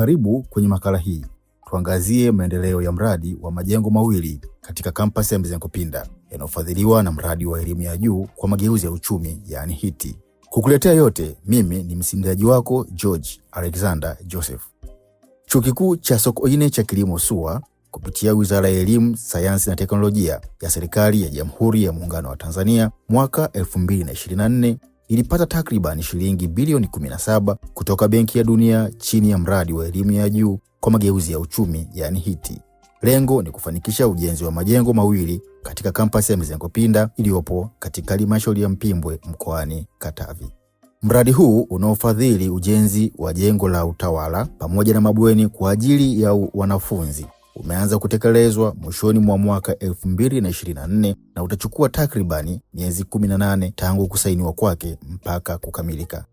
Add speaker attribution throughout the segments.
Speaker 1: Karibu kwenye makala hii tuangazie maendeleo ya mradi wa majengo mawili katika kampasi ya Mizengo Pinda yanayofadhiliwa na mradi wa elimu ya juu kwa mageuzi ya uchumi yaani HITI. Kukuletea yote mimi ni msimuliaji wako George Alexander Joseph. Chuo Kikuu cha Sokoine cha Kilimo SUA kupitia Wizara ya Elimu, Sayansi na Teknolojia ya Serikali ya Jamhuri ya Muungano wa Tanzania mwaka 2024 ilipata takriban shilingi bilioni 17 kutoka Benki ya Dunia chini ya mradi wa elimu ya juu kwa mageuzi ya uchumi, yani HITI. Lengo ni kufanikisha ujenzi wa majengo mawili katika kampasi ya Mizengo Pinda iliyopo katika halmashauri ya Mpimbwe mkoani Katavi. Mradi huu unaofadhili ujenzi wa jengo la utawala pamoja na mabweni kwa ajili ya wanafunzi umeanza kutekelezwa mwishoni mwa mwaka 2024 na utachukua takribani miezi 18 tangu kusainiwa kwake mpaka kukamilika.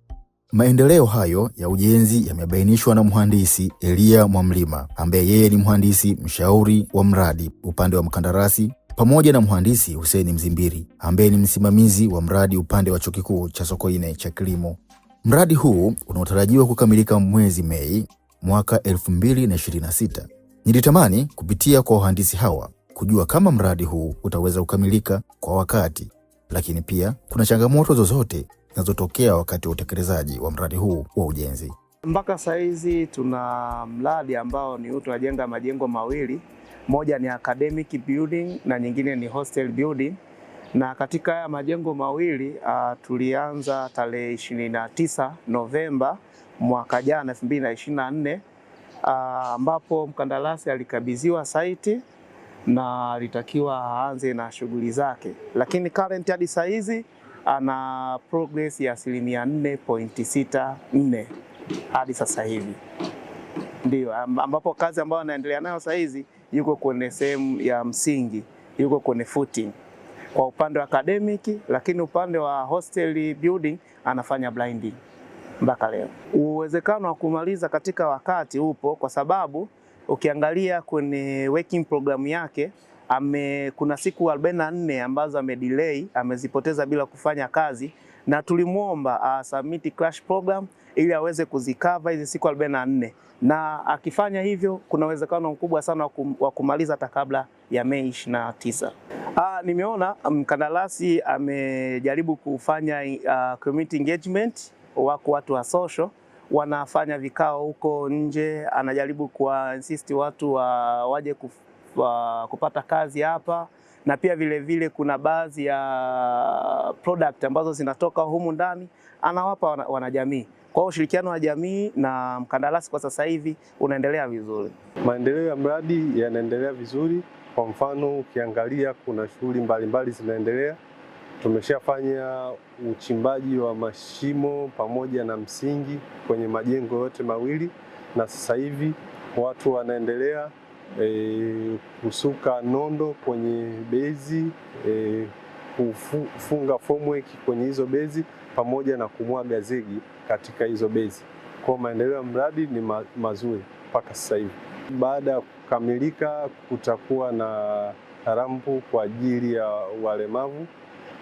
Speaker 1: Maendeleo hayo ya ujenzi yamebainishwa na mhandisi Elia Mwamlima ambaye yeye ni mhandisi mshauri wa mradi upande wa mkandarasi pamoja na mhandisi Hussein Mzimbiri ambaye ni msimamizi wa mradi upande wa Chuo Kikuu cha Sokoine cha Kilimo. Mradi huu unaotarajiwa kukamilika mwezi Mei mwaka 2026 Nilitamani kupitia kwa wahandisi hawa kujua kama mradi huu utaweza kukamilika kwa wakati, lakini pia kuna changamoto zozote zinazotokea wakati wa utekelezaji wa mradi huu wa ujenzi. Mpaka sahizi tuna mradi ambao ni huu, tunajenga majengo mawili, moja ni academic building na nyingine ni hostel building, na katika haya majengo mawili uh, tulianza tarehe 29 Novemba mwaka jana 2024 Ah, ambapo mkandarasi alikabidhiwa saiti na alitakiwa aanze na shughuli zake, lakini current hadi saa hizi ana progress ya asilimia 4.64 hadi sasa hivi, ndio ambapo kazi ambayo anaendelea nayo saa hizi yuko kwenye sehemu ya msingi, yuko kwenye footing kwa upande wa academic, lakini upande wa hostel building anafanya blinding mpaka leo. Uwezekano wa kumaliza katika wakati upo, kwa sababu ukiangalia kwenye working program yake ame, kuna siku 44 ambazo amedelay amezipoteza bila kufanya kazi, na tulimwomba submit crash program ili aweze kuzikava hizi siku 44, na akifanya hivyo kuna uwezekano mkubwa sana wa kumaliza hata kabla ya Mei 29. Ah, nimeona mkandarasi amejaribu kufanya uh, community engagement wako watu wa social wanafanya vikao huko nje, anajaribu insist watu wa, waje kuf, wa, kupata kazi hapa, na pia vile vile kuna baadhi ya product ambazo zinatoka humu ndani anawapa wanajamii. Kwa hiyo ushirikiano wa jamii na mkandarasi kwa sasa hivi unaendelea vizuri,
Speaker 2: maendeleo ya mradi yanaendelea vizuri. Kwa mfano ukiangalia kuna shughuli mbalimbali zinaendelea Tumeshafanya uchimbaji wa mashimo pamoja na msingi kwenye majengo yote mawili, na sasa hivi watu wanaendelea e, kusuka nondo kwenye bezi e, kufunga formwork kwenye hizo bezi pamoja na kumwaga zegi katika hizo bezi. Kwa maendeleo ya mradi ni ma, mazuri mpaka sasa hivi. Baada ya kukamilika, kutakuwa na rampu kwa ajili ya walemavu.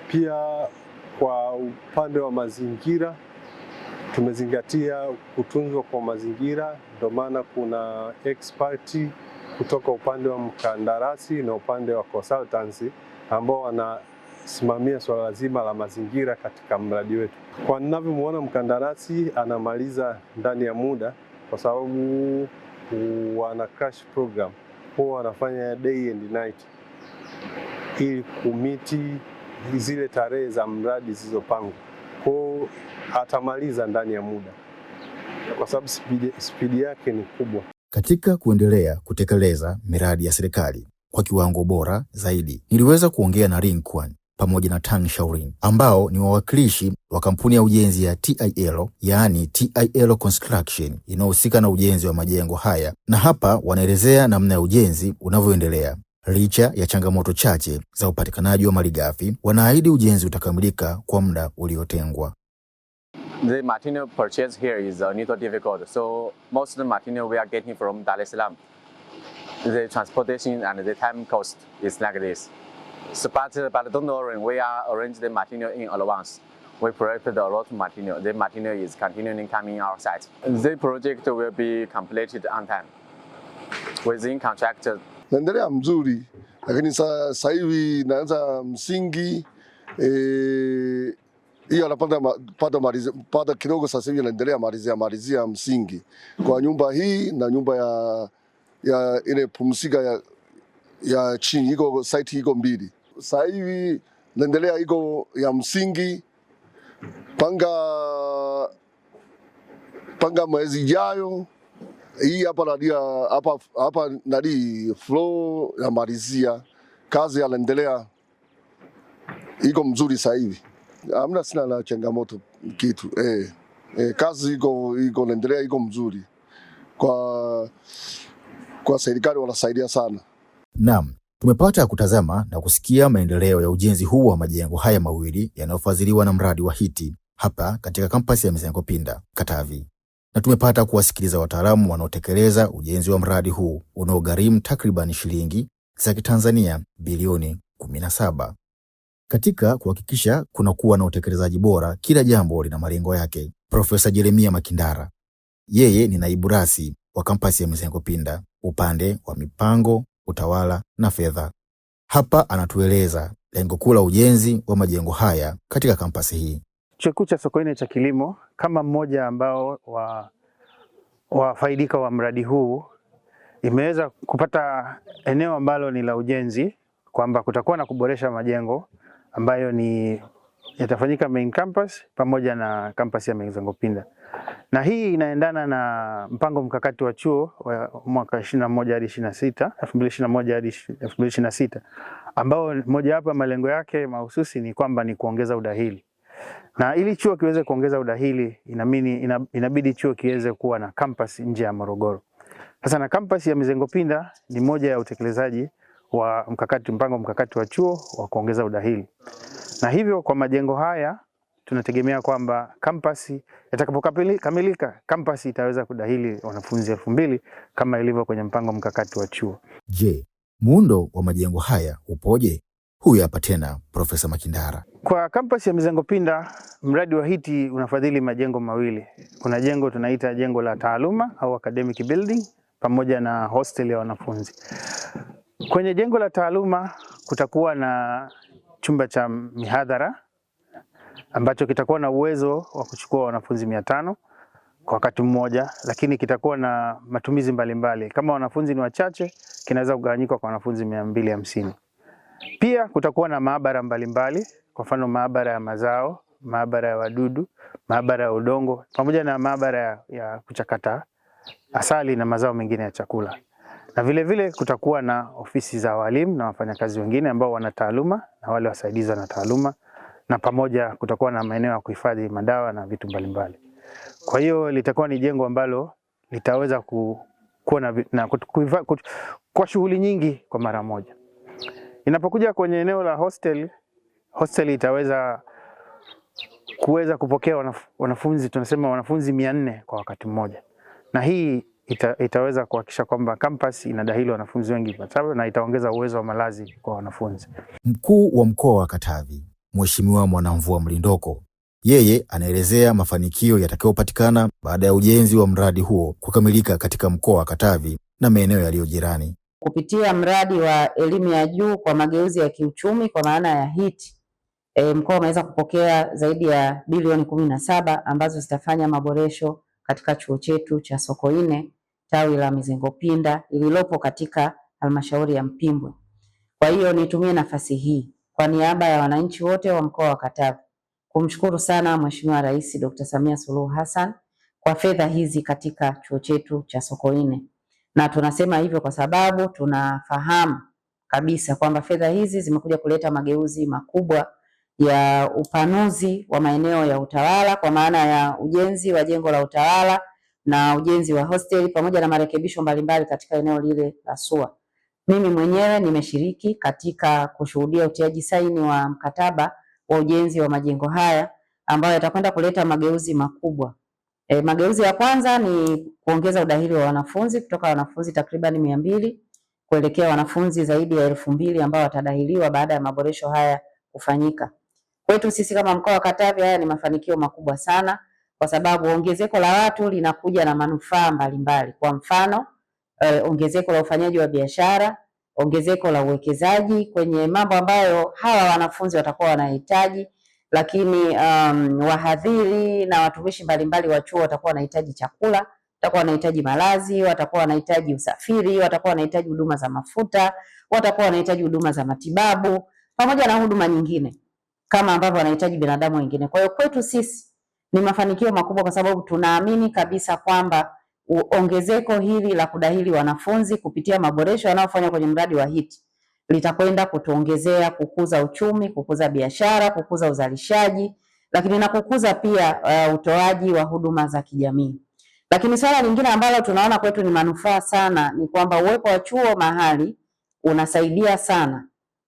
Speaker 2: Pia kwa upande wa mazingira tumezingatia kutunzwa kwa mazingira, ndio maana kuna expert kutoka upande wa mkandarasi na upande wa consultancy ambao wanasimamia swala zima la mazingira katika mradi wetu. Kwa ninavyomuona mkandarasi anamaliza ndani ya muda, kwa sababu wana crash program, huwa wanafanya day and night ili kumiti zile tarehe za mradi zilizopangwa, kwao atamaliza ndani ya muda kwa sababu spidi, spidi yake ni kubwa.
Speaker 3: Katika kuendelea kutekeleza miradi ya serikali kwa kiwango bora zaidi, niliweza kuongea na Rinkwan pamoja na Tang Shaurin ambao ni wawakilishi wa kampuni ya ujenzi ya TIL, yaani TIL Construction inayohusika na ujenzi wa majengo haya, na hapa wanaelezea namna ya ujenzi unavyoendelea. Licha ya changamoto chache za upatikanaji wa malighafi, wanaahidi ujenzi utakamilika kwa muda uliotengwa.
Speaker 4: The material purchase here is a uh, little difficult. So most of the material we are getting from Dar es Salaam, the transportation and the time cost is like this. So but, but don't worry, we are arrange the material in advance. We prepared a lot of material. The material is continuing coming our site. The project will be completed on time within contracted
Speaker 5: naendelea mzuri, lakini sasa hivi naanza msingi e, hiyo anapata pata pata kidogo. Sasa hivi anaendelea malizia malizia msingi kwa nyumba hii na nyumba ya, ya ile pumsika ya, ya chini iko site iko mbili. Sasa hivi naendelea iko ya msingi panga panga mwezi ijayo hii hapa nadia hapa hapa nadi flow ya malizia kazi yanaendelea, iko mzuri sasa hivi, amna sina na changamoto kitu eh, eh, kazi iko iko naendelea iko mzuri kwa kwa serikali wanasaidia sana.
Speaker 3: Naam, tumepata kutazama na kusikia maendeleo ya ujenzi huu wa majengo haya mawili yanayofadhiliwa na mradi wa hiti hapa katika kampasi ya Mizengo Pinda Katavi na tumepata kuwasikiliza wataalamu wanaotekeleza ujenzi wa mradi huu unaogharimu takriban shilingi za Kitanzania bilioni 17. Katika kuhakikisha kuna kuwa na utekelezaji bora, kila jambo lina malengo yake. Profesa Jeremia Makindara, yeye ni naibu rasi wa kampasi ya Mizengo Pinda, upande wa mipango, utawala na fedha. Hapa anatueleza lengo kuu la ujenzi wa majengo haya katika kampasi hii.
Speaker 6: Chuo Kikuu cha Sokoine cha Kilimo, kama mmoja ambao wafaidika wa, wa mradi huu imeweza kupata eneo ambalo ni la ujenzi, kwamba kutakuwa na kuboresha majengo ambayo ni yatafanyika main campus pamoja na kampasi ya Mizengo-Pinda, na hii inaendana na mpango mkakati wa chuo wa mwaka 21 hadi 26, 2021 hadi 2026, ambao mojawapo ya malengo yake mahususi ni kwamba ni kuongeza udahili na ili chuo kiweze kuongeza udahili inamini, inabidi chuo kiweze kuwa na kampasi nje ya Morogoro. Sasa na kampasi ya Mizengo Pinda ni moja ya utekelezaji wa mkakati mpango mkakati wa chuo wa kuongeza udahili, na hivyo kwa majengo haya tunategemea kwamba kampasi yatakapokamilika, kampasi itaweza kudahili wanafunzi elfu mbili kama ilivyo kwenye mpango mkakati wa chuo.
Speaker 3: Je, muundo wa majengo haya upoje? Huyu hapa tena Profesa Makindara.
Speaker 6: Kwa kampasi ya Mizengo Pinda, mradi wa hiti unafadhili majengo mawili. Kuna jengo tunaita jengo la taaluma au academic building pamoja na hostel ya wanafunzi. Kwenye jengo la taaluma kutakuwa na chumba cha mihadhara ambacho kitakuwa na uwezo wa kuchukua wanafunzi mia tano kwa wakati mmoja, lakini kitakuwa na matumizi mbalimbali mbali. Kama wanafunzi ni wachache, kinaweza kugawanyika kwa wanafunzi mia mbili hamsini. Pia kutakuwa na maabara mbalimbali, kwa mfano maabara ya mazao, maabara ya wadudu, maabara ya udongo, pamoja na maabara ya, ya kuchakata asali na mazao mengine ya chakula. Na vile vile kutakuwa na ofisi za walimu na wafanyakazi wengine ambao wana taaluma na wale wasaidizi wana taaluma, na pamoja kutakuwa na maeneo ya kuhifadhi madawa na vitu mbalimbali. Kwa hiyo litakuwa ni jengo ambalo litaweza ku, kuwa na, na, kwa shughuli nyingi kwa mara moja. Inapokuja kwenye eneo la hostel, hostel itaweza kuweza kupokea wanaf wanafunzi tunasema wanafunzi mia nne kwa wakati mmoja, na hii ita itaweza kuhakikisha kwamba campus inadahili wanafunzi wengi na itaongeza uwezo wa malazi kwa wanafunzi.
Speaker 3: Mkuu wa mkoa wa Katavi Mheshimiwa Mwanamvua Mlindoko yeye anaelezea mafanikio yatakayopatikana baada ya ujenzi wa mradi huo kukamilika katika mkoa wa Katavi na maeneo yaliyo jirani
Speaker 7: kupitia mradi wa elimu ya juu kwa mageuzi ya kiuchumi kwa maana ya HEET e, mkoa umeweza kupokea zaidi ya bilioni kumi na saba ambazo zitafanya maboresho katika chuo chetu cha Sokoine tawi la Mizengo Pinda lililopo katika halmashauri ya Mpimbwe. Kwa hiyo nitumie nafasi hii kwa niaba ya wananchi wote wa mkoa wa Katavi kumshukuru sana Mheshimiwa Rais Dr. Samia Suluhu Hassan kwa fedha hizi katika chuo chetu cha Sokoine na tunasema hivyo kwa sababu tunafahamu kabisa kwamba fedha hizi zimekuja kuleta mageuzi makubwa ya upanuzi wa maeneo ya utawala kwa maana ya ujenzi wa jengo la utawala na ujenzi wa hosteli pamoja na marekebisho mbalimbali katika eneo lile la SUA. Mimi mwenyewe nimeshiriki katika kushuhudia utiaji saini wa mkataba wa ujenzi wa majengo haya ambayo yatakwenda kuleta mageuzi makubwa E, mageuzi ya kwanza ni kuongeza udahili wa wanafunzi kutoka wanafunzi takriban mia mbili kuelekea wanafunzi zaidi ya elfu mbili ambao watadahiliwa baada ya maboresho haya kufanyika. Kwetu sisi kama mkoa wa Katavi, haya ni mafanikio makubwa sana, kwa sababu ongezeko la watu linakuja na manufaa mbalimbali. Kwa mfano e, ongezeko la ufanyaji wa biashara, ongezeko la uwekezaji kwenye mambo ambayo hawa wanafunzi watakuwa wanahitaji lakini um, wahadhiri na watumishi mbalimbali wa chuo watakuwa wanahitaji chakula, watakuwa wanahitaji malazi, watakuwa wanahitaji usafiri, watakuwa wanahitaji huduma za mafuta, watakuwa wanahitaji huduma za matibabu pamoja na huduma nyingine kama ambavyo wanahitaji binadamu wengine. Kwa hiyo kwetu sisi ni mafanikio makubwa, kwa sababu tunaamini kabisa kwamba ongezeko hili la kudahili wanafunzi kupitia maboresho yanayofanywa kwenye mradi wa HEET litakwenda kutuongezea kukuza uchumi, kukuza biashara, kukuza uzalishaji, lakini na kukuza pia uh, utoaji wa huduma za kijamii. Lakini swala lingine ambalo tunaona kwetu ni manufaa sana ni kwamba uwepo wa chuo mahali unasaidia sana,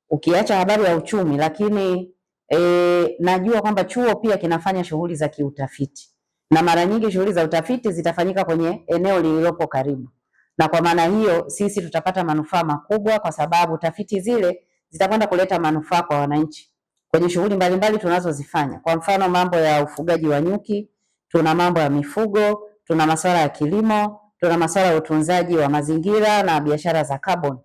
Speaker 7: ukiacha habari ya uchumi, lakini e, najua kwamba chuo pia kinafanya shughuli za kiutafiti na mara nyingi shughuli za utafiti zitafanyika kwenye eneo lililopo karibu na kwa maana hiyo sisi tutapata manufaa makubwa, kwa sababu tafiti zile zitakwenda kuleta manufaa kwa wananchi kwenye shughuli mbalimbali tunazozifanya. Kwa mfano, mambo ya ufugaji wa nyuki, tuna mambo ya mifugo, tuna masuala ya kilimo, tuna masuala ya utunzaji wa mazingira na biashara za carbon.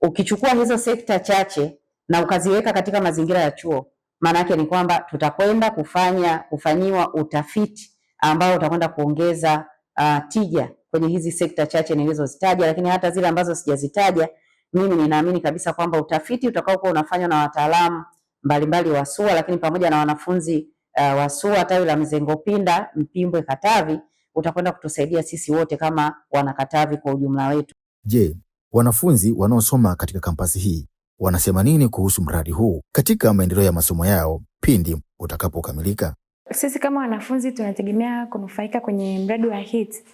Speaker 7: Ukichukua hizo sekta chache na ukaziweka katika mazingira ya chuo, maana yake ni kwamba tutakwenda kufanya kufanyiwa utafiti ambao utakwenda kuongeza uh, tija kwenye hizi sekta chache nilizozitaja, lakini hata zile ambazo sijazitaja, mimi ninaamini kabisa kwamba utafiti utakaokuwa unafanywa na wataalamu mbalimbali wa SUA, lakini pamoja na wanafunzi uh, wa SUA tawi la Mizengo Pinda Mpimbwe Katavi utakwenda kutusaidia sisi wote kama wanakatavi kwa ujumla wetu.
Speaker 3: Je, wanafunzi wanaosoma katika kampasi hii wanasema nini kuhusu mradi huu katika maendeleo ya masomo yao pindi utakapokamilika?
Speaker 8: Sisi kama wanafunzi tunategemea kunufaika kwenye mradi wa HEET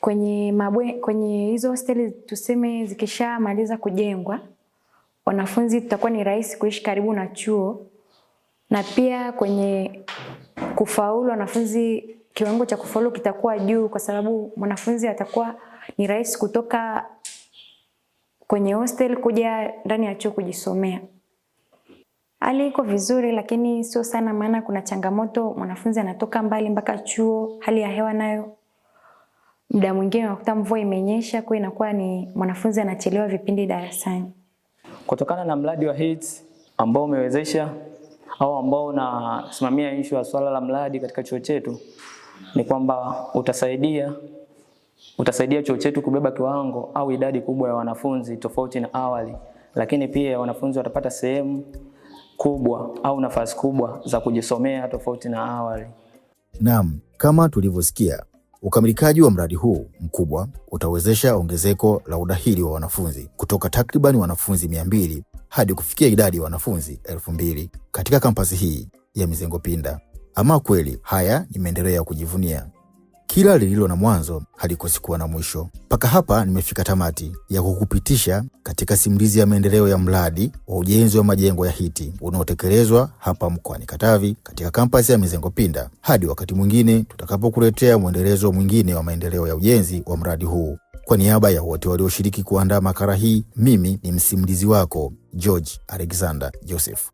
Speaker 8: Kwenye mabwe, kwenye hizo hosteli tuseme zikishamaliza kujengwa, wanafunzi tutakuwa ni rahisi kuishi karibu na chuo, na pia kwenye kufaulu wanafunzi, kiwango cha kufaulu kitakuwa juu, kwa sababu mwanafunzi atakuwa ni rahisi kutoka kwenye hostel kuja ndani ya chuo kujisomea. Hali iko vizuri, lakini sio sana, maana kuna changamoto, mwanafunzi anatoka mbali mpaka chuo, hali ya hewa nayo muda mwingine unakuta mvua imenyesha, kwa inakuwa ni mwanafunzi anachelewa vipindi darasani.
Speaker 9: Kutokana na mradi wa HEETS ambao umewezesha au ambao unasimamia ishu ya swala la mradi katika chuo chetu, ni kwamba utasaidia utasaidia chuo chetu kubeba kiwango au idadi kubwa ya wanafunzi tofauti na awali, lakini pia wanafunzi watapata sehemu kubwa au nafasi kubwa za kujisomea tofauti na awali.
Speaker 3: Naam, kama tulivyosikia Ukamilikaji wa mradi huu mkubwa utawezesha ongezeko la udahili wa wanafunzi kutoka takriban wanafunzi 200 hadi kufikia idadi ya wanafunzi 2000 katika kampasi hii ya Mizengo Pinda. Ama kweli haya ni maendeleo ya kujivunia. Kila lililo na mwanzo halikosi kuwa na mwisho. Mpaka hapa nimefika tamati ya kukupitisha katika simulizi ya maendeleo ya mradi wa ujenzi wa majengo ya HEET unaotekelezwa hapa mkoani Katavi katika kampasi ya Mizengo Pinda. Hadi wakati mwingine tutakapokuletea mwendelezo mwingine wa maendeleo ya ujenzi wa mradi huu. Kwa niaba ya wote walioshiriki kuandaa makala hii, mimi ni msimulizi wako George Alexander Joseph.